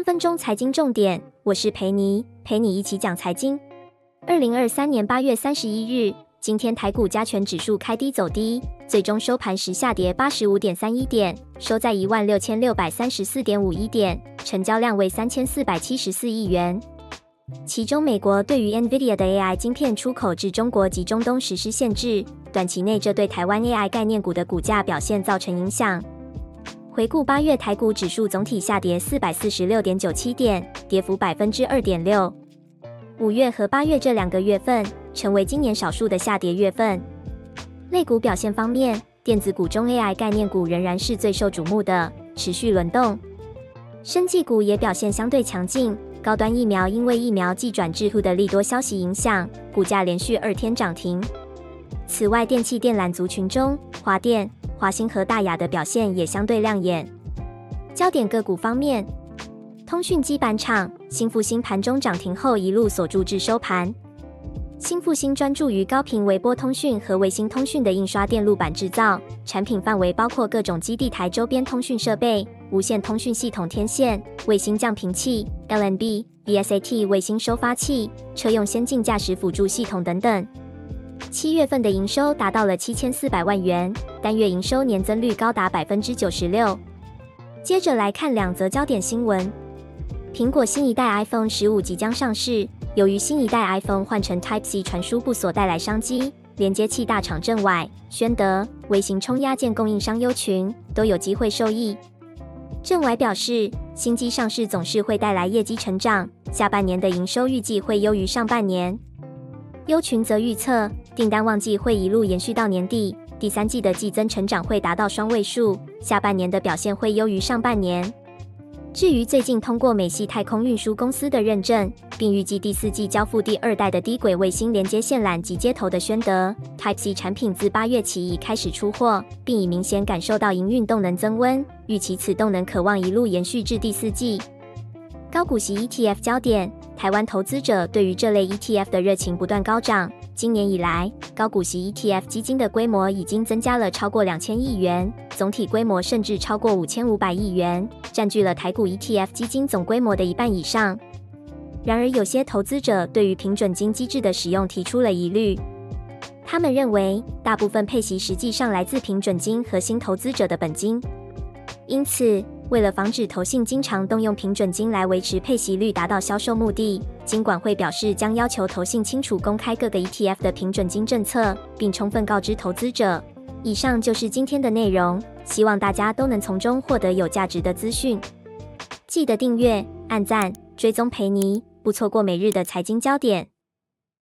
三分鐘財經重點，我是裴妮，陪你一起講財經。二零二三年八月三十一日，今天台股加權指數開低走低，最終收盤時下跌八十五點三一點，收在一萬六千六百三十四點五一點，成交量為三千四百七十四億元。其中，美國對於 NVIDIA 的 AI 晶片出口至中國及中東實施限制，短期內這對台灣 AI 概念股的股價表現造成影響。回顧八月台股指數總體下跌四百四十六點九七點，跌幅百分之二點六。五月和八月這兩個月份成為今年少數的下跌月份。類股表現方面，電子股中 AI 概念股仍然是最受矚目的，持續輪動。生技股也表現相對強勁，高端疫苗因為疫苗季轉之後的利多消息影響，股價連續二天漲停。此外，電器電纜族群中，華電。華星和大亞的表現也相對亮眼。焦點個股方面，通訊基板廠新復興盤中漲停後一路鎖住至收盤。新復興專注於高頻微波通訊和衛星通訊的印刷電路板制造，產品範圍包括各種基地台周邊通訊設備、無線通訊系統天線、衛星降頻器、LNB、BSAT 衛星收發器、車用先進駕駛輔助系統等等。七月份的營收達到了七千四百萬元，單月營收年增率高達百分之九十六。接着來看兩則焦點新聞：蘋果新一代 iPhone 十五即將上市，由於新一代 iPhone 換成 Type-C 傳輸埠所帶來商機，連接器大廠正崴、宣德、微型沖壓件供應商優群都有機會受益。正崴表示，新機上市總是會帶來業績成長，下半年的營收預計會優於上半年。優群則預測，訂單旺季會一路延續到年底，第三季的季增成長會達到雙位數，下半年的表現會優於上半年。至於最近通過美系太空運輸公司的認證，並預計第四季交付第二代的低軌衛星連接線纜及接頭的宣德 Type-C 產品，自八月起已開始出貨，並已明顯感受到營運動能增溫，預期此動能可望一路延續至第四季。高股息 ETF 焦點。台灣投資者對於這類 ETF 的熱情不斷高漲。今年以來，高股息 ETF 基金的規模已經增加了超過兩千億元，總體規模甚至超過五千五百億元，佔據了台股 ETF 基金總規模的一半以上。然而，有些投資者對於平準金機制的使用提出了疑慮，他們認為大部分配息實際上來自平準金和新投資者的本金，因此。為了防止投信經常動用平準金來維持配息率達到銷售目的，金管會表示將要求投信清楚公開各個 ETF 的平準金政策，並充分告知投資者。以上就是今天的內容，希望大家都能從中獲得有價值的資訊。記得訂閱、按讚、追蹤裴妮，不錯過每日的財經焦點。